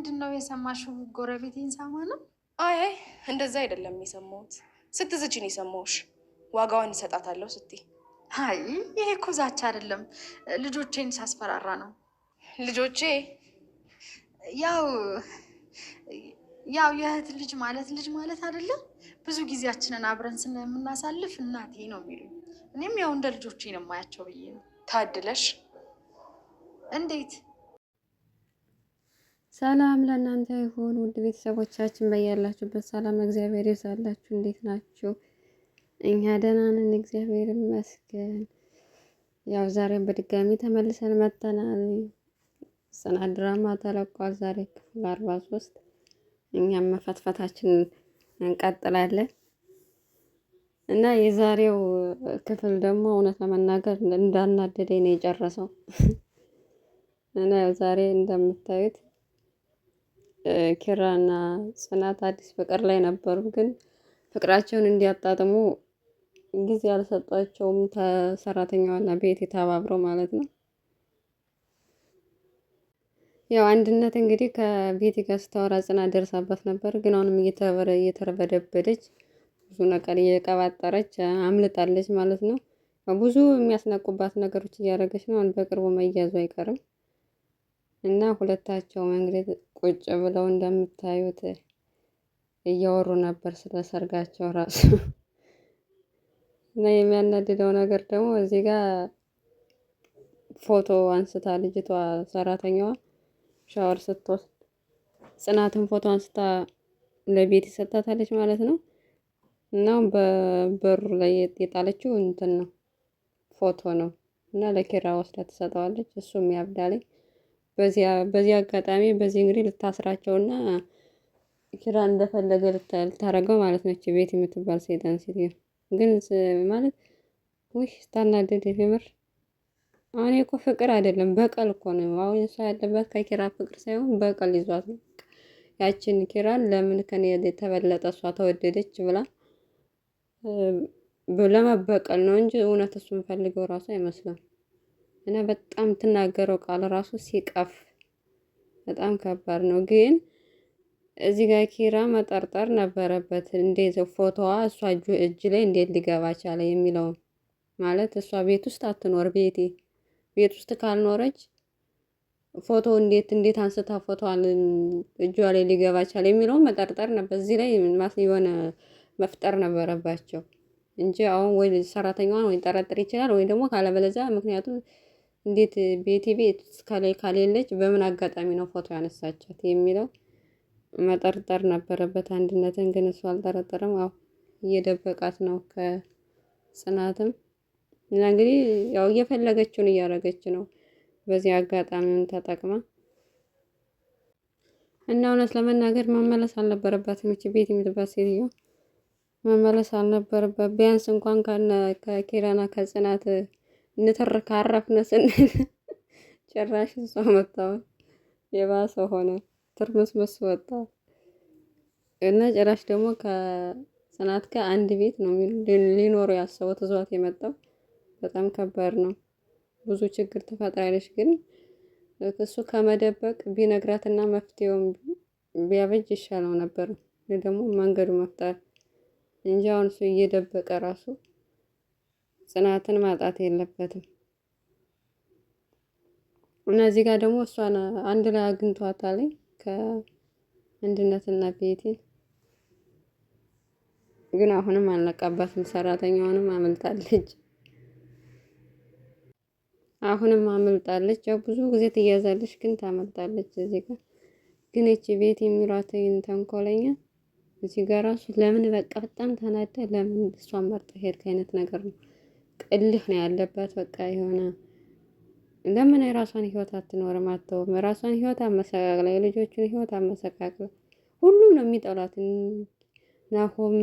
ምንድን ነው የሰማሽው? ጎረቤቴን ሳማ ነው? አይ አይ፣ እንደዛ አይደለም የሰማሁት። ስትዝችን የሰማሁሽ ዋጋዋን እሰጣታለሁ ስትይ። አይ ይሄ እኮ ዛቻ አይደለም፣ ልጆቼን ሳስፈራራ ነው። ልጆቼ ያው ያው የእህት ልጅ ማለት ልጅ ማለት አይደለም። ብዙ ጊዜያችንን አብረን የምናሳልፍ እናቴ ነው የሚሉኝ። እኔም ያው እንደ ልጆቼ ነው የማያቸው ብዬ ነው። ታድለሽ። እንዴት ሰላም ለእናንተ ይሁን ውድ ቤተሰቦቻችን፣ በያላችሁበት ሰላም እግዚአብሔር ይዛላችሁ። እንዴት ናችሁ? እኛ ደህና ነን፣ እግዚአብሔር ይመስገን። ያው ዛሬም በድጋሚ ተመልሰን መጥተናል። ጽናት ድራማ ተለቋል። ዛሬ ክፍል አርባ ሶስት እኛም መፈትፈታችን እንቀጥላለን እና የዛሬው ክፍል ደግሞ እውነት ለመናገር እንዳናደደ ነው የጨረሰው እና ዛሬ እንደምታዩት ኪራና ጽናት አዲስ ፍቅር ላይ ነበሩ፣ ግን ፍቅራቸውን እንዲያጣጥሙ ጊዜ አልሰጧቸውም። ሰራተኛዋና ቤት የተባብረው ማለት ነው። ያው አንድነት እንግዲህ ከቤቲ ጋር ስታወራ ጽናት ደርሳባት ነበር፣ ግን አሁንም እየተረበደበደች ብዙ ነገር እየቀባጠረች አምልጣለች ማለት ነው። ብዙ የሚያስነቁባት ነገሮች እያደረገች ነው። በቅርቡ መያዙ አይቀርም። እና ሁለታቸውም እንግዲህ ቁጭ ብለው እንደምታዩት እያወሩ ነበር ስለ ሰርጋቸው ራሱ። እና የሚያናድደው ነገር ደግሞ እዚህ ጋር ፎቶ አንስታ ልጅቷ ሰራተኛዋ ሻወር ስትወስድ ጽናትን ፎቶ አንስታ ለቤት ይሰጣታለች ማለት ነው። እና በበሩ ላይ የጣለችው እንትን ነው ፎቶ ነው። እና ለኪራ ወስዳ ትሰጠዋለች። እሱም ያብዳለኝ በዚህ አጋጣሚ በዚህ እንግዲህ ልታስራቸውና ኪራ እንደፈለገ ልታረገው ማለት ነች። ቤት የምትባል ሴጣን ሴትዮ ግን ማለት ውሽ ስታናደድ የምር አሁን እኮ ፍቅር አይደለም በቀል እኮ ነው። አሁን እሷ ያለባት ከኪራ ፍቅር ሳይሆን በቀል ይዟት ነው። ያችን ኪራን ለምን ከኔ የተበለጠ እሷ ተወደደች ብላ ለመበቀል ነው እንጂ እውነት እሱ የምፈልገው ራሱ አይመስልም። እና በጣም የምትናገረው ቃል ራሱ ሲቀፍ በጣም ከባድ ነው። ግን እዚህ ጋር ኪራ መጠርጠር ነበረበት። እንዴት ፎቶዋ እሷ እጅ ላይ እንዴት ሊገባ ቻለ የሚለው ማለት እሷ ቤት ውስጥ አትኖር ቤቴ ቤት ውስጥ ካልኖረች ፎቶ እንዴት እንዴት አንስታ ፎቶዋን እጇ ላይ ሊገባ ቻለ የሚለው መጠርጠር ነበር። እዚህ ላይ የሆነ መፍጠር ነበረባቸው እንጂ አሁን ወይ ሰራተኛዋን ወይ ጠረጥር ይችላል ወይ ደግሞ ካለበለዚያ ምክንያቱም እንዴት ቤቲ ቤት እስካላይ ካሌለች በምን አጋጣሚ ነው ፎቶ ያነሳቻት የሚለው መጠርጠር ነበረበት። አንድነትን ግን እሱ አልጠረጠረም። አዎ እየደበቃት ነው ከጽናትም እና እንግዲህ ያው እየፈለገችውን እያደረገች ነው። በዚህ አጋጣሚውን ተጠቅማ እና እውነት ለመናገር መመለስ አልነበረባትም። ይቺ ቤት የምትባት ሴትዮ መመለስ አልነበረባት። ቢያንስ እንኳን ከኪራና ከጽናት እንትር ካረፍነ ስንል ጭራሽ እሷ መታወት የባሰ ሆነ፣ ትርምስምስ ወጣ እና ጭራሽ ደግሞ ከጽናት ጋር አንድ ቤት ነው ሊኖሩ ያሰቡት። እዟት የመጣው በጣም ከባድ ነው። ብዙ ችግር ተፈጥራለች። ግን እሱ ከመደበቅ ቢነግራትና መፍትሄውም ቢያበጅ ይሻለው ነበር። ደግሞ መንገዱ መፍጠር እንጂ አሁን እሱ እየደበቀ ራሱ ጽናትን ማጣት የለበትም። እና እዚህ ጋር ደግሞ እሷን አንድ ላይ አግኝቷታል ከአንድነትና ቤቴን ግን አሁንም አልነቃባትም። ሰራተኛውንም አመልጣለች፣ አሁንም አመልጣለች። ያው ብዙ ጊዜ ትያዛለች፣ ግን ታመልጣለች። እዚህ ጋር ግን እቺ ቤት የሚሏትን ተንኮለኛ እዚህ ጋር ራሱ ለምን በቃ በጣም ተናደ፣ ለምን እሷን መርጠህ ሄድክ አይነት ነገር ነው። ጥልህ ነው ያለባት። በቃ የሆነ ለምን የራሷን ህይወት አትኖርም? አተውም የራሷን ህይወት አመሰቃቅላ፣ የልጆችን ህይወት አመሰቃቅላ፣ ሁሉም ነው የሚጠሏት። ናሆም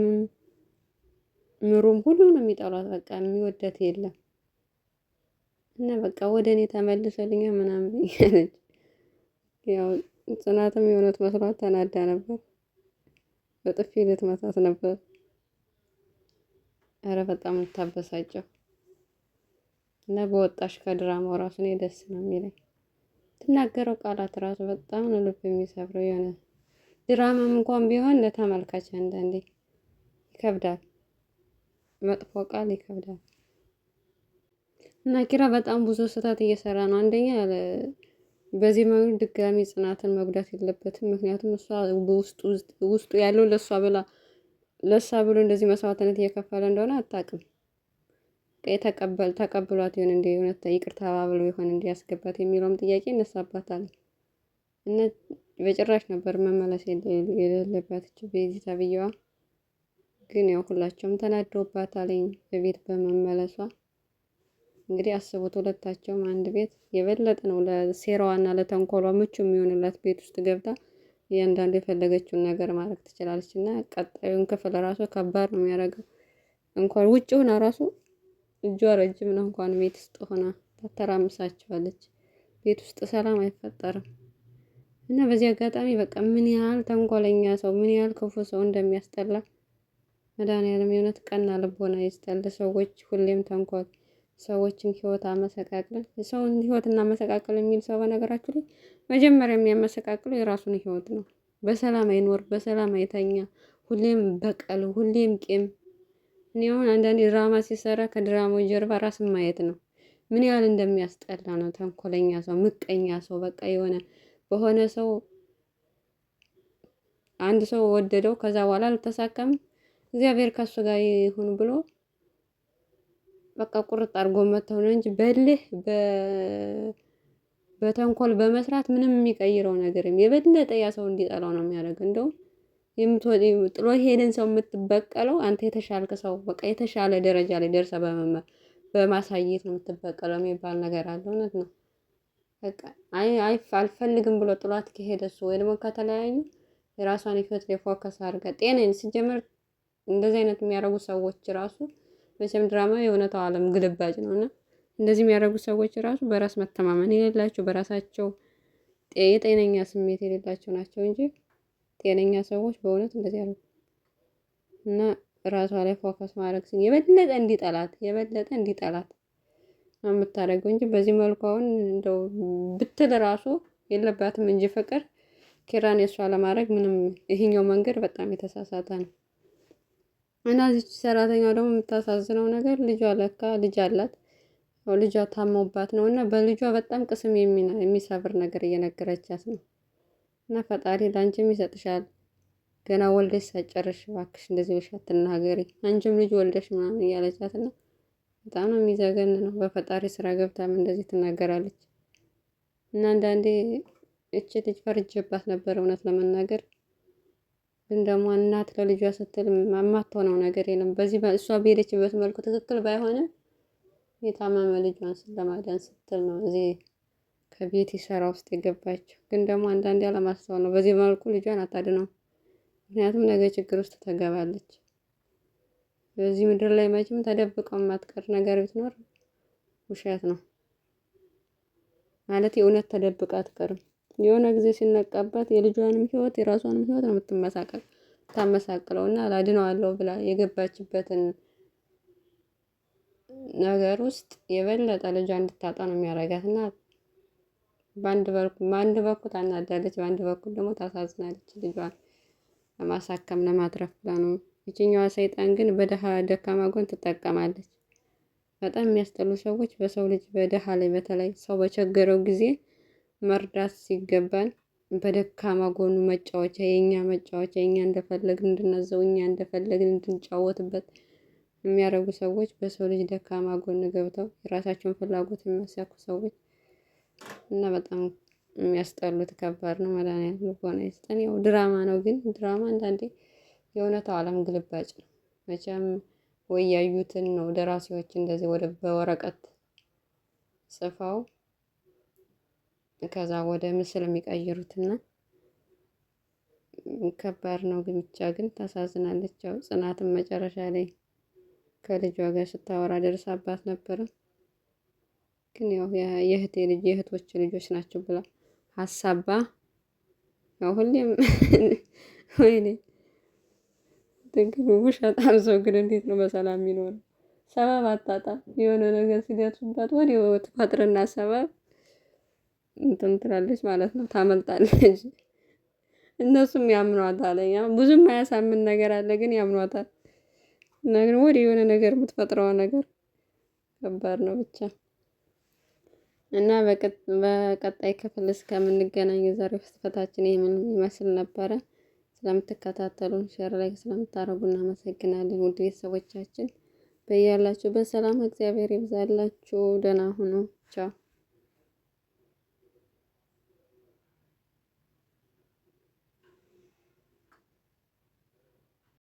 ምሩም፣ ሁሉም ነው የሚጠሏት። በቃ የሚወደት የለም እና በቃ ወደ እኔ ተመልሰልኛ ምናምን ያለች ያው ጽናትም የእውነት መስሏት ተናዳ ነበር። በጥፊ ልትመታት ነበር። ኧረ በጣም የምታበሳጨው እና በወጣሽ ከድራማው ራሱ እኔ ደስ ነው የሚለኝ። ትናገረው ቃላት ራሱ በጣም ነው ልብ የሚሰብረው። የሆነ ድራማም እንኳን ቢሆን ለተመልካች አንዳንዴ ይከብዳል፣ መጥፎ ቃል ይከብዳል። እና ኪራ በጣም ብዙ ስህተት እየሰራ ነው። አንደኛ በዚህ መንገድ ድጋሚ ጽናትን መጉዳት የለበትም። ምክንያቱም እሷ ውስጡ ያለው ለእሷ ብላ ለእሷ ብሎ እንደዚህ መስዋዕትነት እየከፈለ እንደሆነ አታውቅም። የተቀበል ተቀብሏት ይሆን እንዲ ሆነ ይቅርታ ባብሎ ይሆን እንዲ ያስገባት የሚለውም ጥያቄ ይነሳባታል በጭራሽ ነበር መመለስ የሌለባት ቤዚ ተብዬዋ። ግን ያው ሁላቸውም ተናደውባታለኝ በቤት በመመለሷ። እንግዲህ አስቡት ሁለታቸውም አንድ ቤት የበለጠ ነው ለሴራዋና ለተንኮሏ ምቹ የሚሆንላት ቤት ውስጥ ገብታ እያንዳንዱ የፈለገችውን ነገር ማድረግ ትችላለች እና ቀጣዩን ክፍል ራሱ ከባድ ነው የሚያደርገው። እንኳን ውጭ ሆና ራሱ እጇ ረጅም ነው። እንኳን ቤት ውስጥ ሆና ታተራምሳቸዋለች። ቤት ውስጥ ሰላም አይፈጠርም። እና በዚህ አጋጣሚ በቃ ምን ያህል ተንኮለኛ ሰው፣ ምን ያህል ክፉ ሰው እንደሚያስጠላ መድኃኒዓለም የእውነት ቀና ልቦና ይስጠል። ሰዎች ሁሌም ተንኮል፣ ሰዎችን ህይወት አመሰቃቅል የሰውን ህይወት እናመሰቃቅል የሚል ሰው በነገራችሁ ላይ መጀመሪያ የሚያመሰቃቅሉ የራሱን ህይወት ነው። በሰላም አይኖር፣ በሰላም አይተኛ፣ ሁሌም በቀል፣ ሁሌም ቂም እኔ አሁን አንዳንዴ ድራማ ሲሰራ ከድራማው ጀርባ ራስን ማየት ነው። ምን ያህል እንደሚያስጠላ ነው። ተንኮለኛ ሰው፣ ምቀኛ ሰው በቃ የሆነ በሆነ ሰው አንድ ሰው ወደደው፣ ከዛ በኋላ አልተሳካም፣ እግዚአብሔር ከሱ ጋር ይሁን ብሎ በቃ ቁርጥ አድርጎ መተው ነው እንጂ በልህ በተንኮል በመስራት ምንም የሚቀይረው ነገር የበለጠ ያ ሰው እንዲጠላው ነው የሚያደርግ እንደውም ጥሎ ሄደን ሰው የምትበቀለው አንተ የተሻልከ ሰው በቃ የተሻለ ደረጃ ላይ ደርሰ በማሳየት ነው የምትበቀለው የሚባል ነገር አለ። እውነት ነው። አልፈልግም ብሎ ጥሏት ከሄደ እሱ ወይ ደግሞ ከተለያዩ የራሷን ህይወት ላይ ፎከስ አድርጋ ጤናን ስጀምር እንደዚህ አይነት የሚያደርጉ ሰዎች ራሱ መቼም ድራማ የእውነታው ዓለም ግልባጭ ነው እና እንደዚህ የሚያደርጉ ሰዎች ራሱ በራስ መተማመን የሌላቸው በራሳቸው የጤነኛ ስሜት የሌላቸው ናቸው እንጂ ጤነኛ ሰዎች በእውነት እንደዚህ ያሉ እና ራሷ ላይ ፎከስ ማድረግ ስ የበለጠ እንዲጠላት የበለጠ እንዲጠላት ነው የምታደርገው እንጂ በዚህ መልኩ አሁን እንደው ብትል ራሱ የለባትም እንጂ ፍቅር ኪራን የእሷ ለማድረግ ምንም ይሄኛው መንገድ በጣም የተሳሳተ ነው። እና እዚች ሰራተኛው ደግሞ የምታሳዝነው ነገር ልጇ ለካ ልጅ አላት። ልጇ ታመውባት ነው እና በልጇ በጣም ቅስም የሚሰብር ነገር እየነገረቻት ነው። እና ፈጣሪ ለአንቺም ይሰጥሻል። ገና ወልደሽ ሳጨርሽ እባክሽ እንደዚህ ብለሽ አትናገሪ፣ አንቺም ልጅ ወልደሽ ምናምን እያለቻት እና በጣም ነው የሚዘገን ነው። በፈጣሪ ስራ ገብታም እንደዚህ ትናገራለች እና አንዳንዴ እች ልጅ ፈርጀባት ነበር እውነት ለመናገር ግን ደግሞ እናት ለልጇ ስትል የማትሆነው ነገር የለም። በዚህ እሷ በሄደችበት መልኩ ትክክል ባይሆንም የታመመ ልጇን ስለማዳን ስትል ነው እዚህ ከቤት ይሰራ ውስጥ የገባችው ግን ደግሞ አንዳንዴ አለማስተዋል ነው። በዚህ መልኩ ልጇን አታድነው፣ ምክንያቱም ነገ ችግር ውስጥ ትገባለች። በዚህ ምድር ላይ መቼም ተደብቀው የማትቀር ነገር ብትኖር ውሸት ነው ማለት የእውነት ተደብቃ አትቀርም። የሆነ ጊዜ ሲነቃባት የልጇንም ህይወት የራሷንም ህይወት ነው የምትመሳቀል ታመሳቅለው እና ላድነዋለሁ ብላ የገባችበትን ነገር ውስጥ የበለጠ ልጇ እንድታጣ ነው የሚያደርጋት እና በአንድ በኩል ታናዳለች፣ በአንድ በኩል ደግሞ ታሳዝናለች። ልጇን ለማሳከም ለማትረፍ ብላ ነው። ይችኛዋ ሰይጣን ግን በደሃ ደካማ ጎን ትጠቀማለች። በጣም የሚያስጠሉ ሰዎች በሰው ልጅ በደሃ ላይ በተለይ ሰው በቸገረው ጊዜ መርዳት ሲገባን በደካማ ጎኑ መጫወቻ የእኛ መጫወቻ የእኛ እንደፈለግን እንድናዘው እኛ እንደፈለግን እንድንጫወትበት የሚያደርጉ ሰዎች በሰው ልጅ ደካማ ጎን ገብተው የራሳቸውን ፍላጎት የሚያሳኩ ሰዎች እና በጣም የሚያስጠሉት ከባድ ነው። መድኃኒዓለም ልቦና ይስጠን። ያው ድራማ ነው፣ ግን ድራማ አንዳንዴ የእውነታው ዓለም ግልባጭ ነው። መቼም ወይ ያዩትን ነው ደራሲዎች እንደዚህ ወደ በወረቀት ጽፈው ከዛ ወደ ምስል የሚቀይሩትና ከባድ ነው። ግን ብቻ ግን ታሳዝናለች። ያው ጽናትም መጨረሻ ላይ ከልጇ ጋር ስታወራ ደርሳባት ነበረ። ግን ያው የእህቴ ልጅ የእህቶች ልጆች ናቸው ብላ ሀሳባ ያው ሁሌም ወይኔ ትግሉ ሰው ግን እንዴት ነው በሰላም የሚኖር? ሰበብ አጣጣ የሆነ ነገር ሲደርሱባት ወዲያው ትፈጥርና ሰበብ እንትን ትላለች ማለት ነው፣ ታመልጣለች። እነሱም ያምኗታል። ብዙም አያሳምን ነገር አለ፣ ግን ያምኗታል። ነገር ወዲህ የሆነ ነገር የምትፈጥረው ነገር ከባድ ነው ብቻ እና በቀጣይ ክፍል እስከምንገናኝ የዛሬው ፍትፈታችን ይህን ይመስል ነበረ። ስለምትከታተሉን ሼር ላይ ስለምታደርጉ እናመሰግናለን። ውድ ቤተሰቦቻችን በያላችሁ በሰላም እግዚአብሔር ይብዛላችሁ። ደህና ሁኑ። ቻው